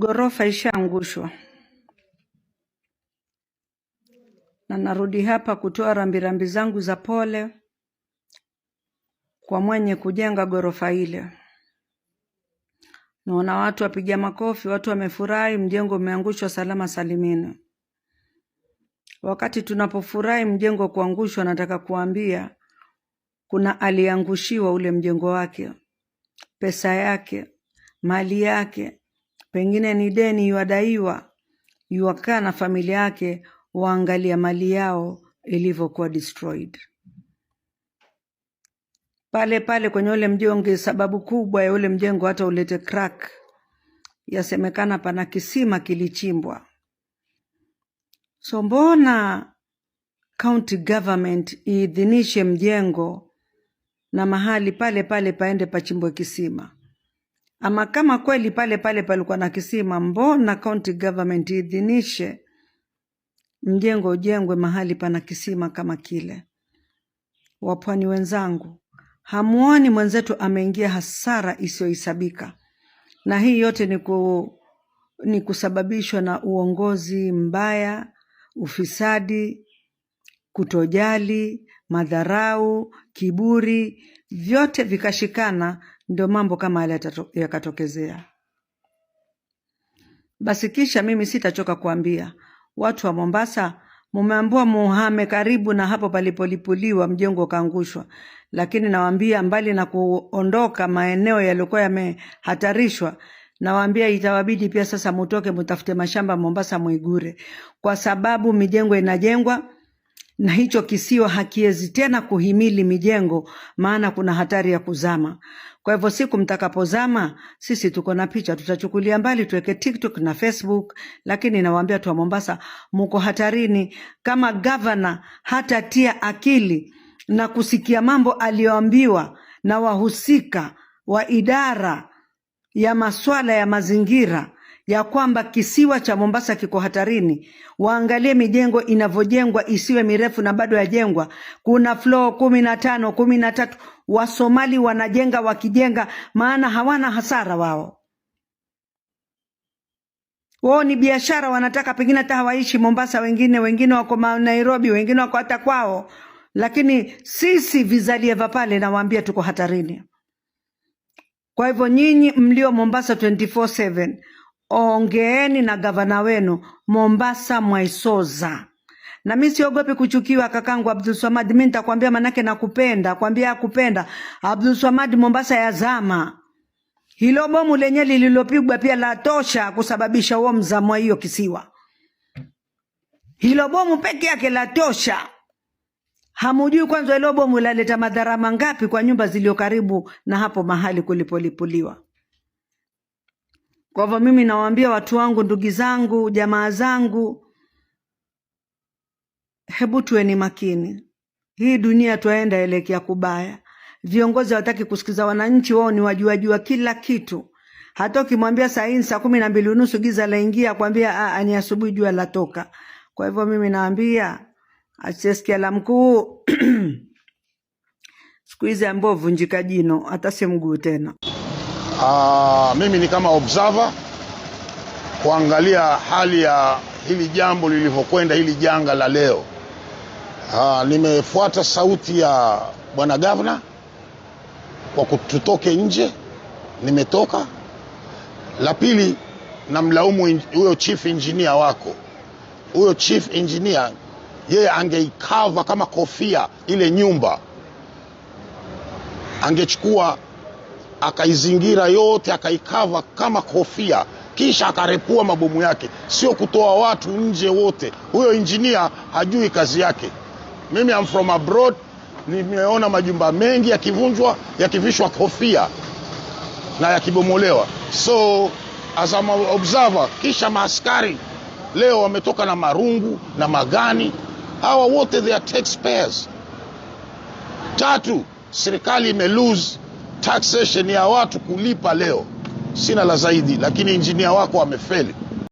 Ghorofa ishaangushwa na narudi hapa kutoa rambirambi zangu za pole kwa mwenye kujenga ghorofa ile. Naona watu wapiga makofi, watu wamefurahi, mjengo umeangushwa salama salimini. Wakati tunapofurahi mjengo kuangushwa, nataka kuambia kuna aliangushiwa ule mjengo wake, pesa yake, mali yake pengine ni deni yuadaiwa, yuakaa na familia yake, waangalia mali yao ilivyokuwa destroyed pale pale kwenye ule mjonge. Sababu kubwa ya ule mjengo hata ulete crack, yasemekana pana kisima kilichimbwa. So mbona county government iidhinishe mjengo na mahali pale pale paende pachimbwe kisima? ama kama kweli pale pale palikuwa na kisima, mbona county government iidhinishe mjengo ujengwe mahali pana kisima kama kile? Wapwani wenzangu, hamuoni mwenzetu ameingia hasara isiyohesabika? Na hii yote ni, ku, ni kusababishwa na uongozi mbaya, ufisadi, kutojali, madharau, kiburi, vyote vikashikana ndio mambo kama yale yakatokezea. Basi kisha mimi sitachoka kuambia watu wa Mombasa, mumeambua muhame karibu na hapo palipolipuliwa, mjengo ukaangushwa. Lakini nawaambia mbali na kuondoka maeneo yaliyokuwa yamehatarishwa, nawaambia itawabidi pia sasa mutoke, mutafute mashamba Mombasa, mwigure, kwa sababu mijengo inajengwa na hicho kisiwa hakiwezi tena kuhimili mijengo, maana kuna hatari ya kuzama. Kwa hivyo siku mtakapozama, sisi tuko na picha, tutachukulia mbali, tuweke TikTok na Facebook, lakini nawaambia tu wa Mombasa, muko hatarini. Kama gavana hatatia akili na kusikia mambo aliyoambiwa na wahusika wa idara ya masuala ya mazingira ya kwamba kisiwa cha Mombasa kiko hatarini. Waangalie mijengo inavyojengwa isiwe mirefu na bado yajengwa. Kuna floor kumi na tano, kumi na tatu. Wasomali wanajenga wakijenga, maana hawana hasara wao. Wao ni biashara wanataka, pengine hata hawaishi Mombasa, wengine wengine wako Nairobi, wengine wako hata kwao, lakini sisi vizalia vya pale, nawaambia tuko hatarini. Kwa hivyo nyinyi mlio Mombasa 24/7 ongeeni na gavana wenu Mombasa Mwaisoza na mimi siogopi kuchukiwa kakangu Abdul Swamad, mi nitakwambia, manake nakupenda, kwambia akupenda Abdul Swamad. Mombasa ya zama hilo bomu lenye lililopigwa pia latosha kusababisha huo mzamo hiyo kisiwa. Hilo bomu peke yake latosha. Hamujui kwanza hilo bomu laleta madhara mangapi kwa nyumba zilio karibu na hapo mahali kulipolipuliwa. Kwa hivyo mimi nawaambia watu wangu, ndugu zangu, jamaa zangu, hebu tuweni makini. Hii dunia twaenda elekea kubaya. Viongozi hawataki kusikiza wananchi, wao ni wajuajua kila kitu. Hata ukimwambia saa hii saa kumi na mbili unusu giza laingia, akwambia ah, ah, ni asubuhi jua latoka. Kwa hivyo mimi naambia asiyesikia la mkuu siku hizi ambao vunjika jino hata si mguu tena. Aa, ah, mimi ni kama observer kuangalia hali ya hili jambo lilivyokwenda, hili janga la leo. Aa, ah, nimefuata sauti ya bwana gavana kwa kututoke nje, nimetoka. La pili, namlaumu huyo chief engineer wako, huyo chief engineer yeye angeikava kama kofia ile nyumba, angechukua akaizingira yote akaikava kama kofia, kisha akarepua mabomu yake, sio kutoa watu nje wote. Huyo injinia hajui kazi yake. Mimi am from abroad, nimeona majumba mengi yakivunjwa, yakivishwa kofia na yakibomolewa. So as an observer, kisha maaskari leo wametoka na marungu na magani. Hawa wote they are taxpayers. Tatu, serikali imeluse taxation ya watu kulipa leo. Sina la zaidi, lakini injinia wako amefeli.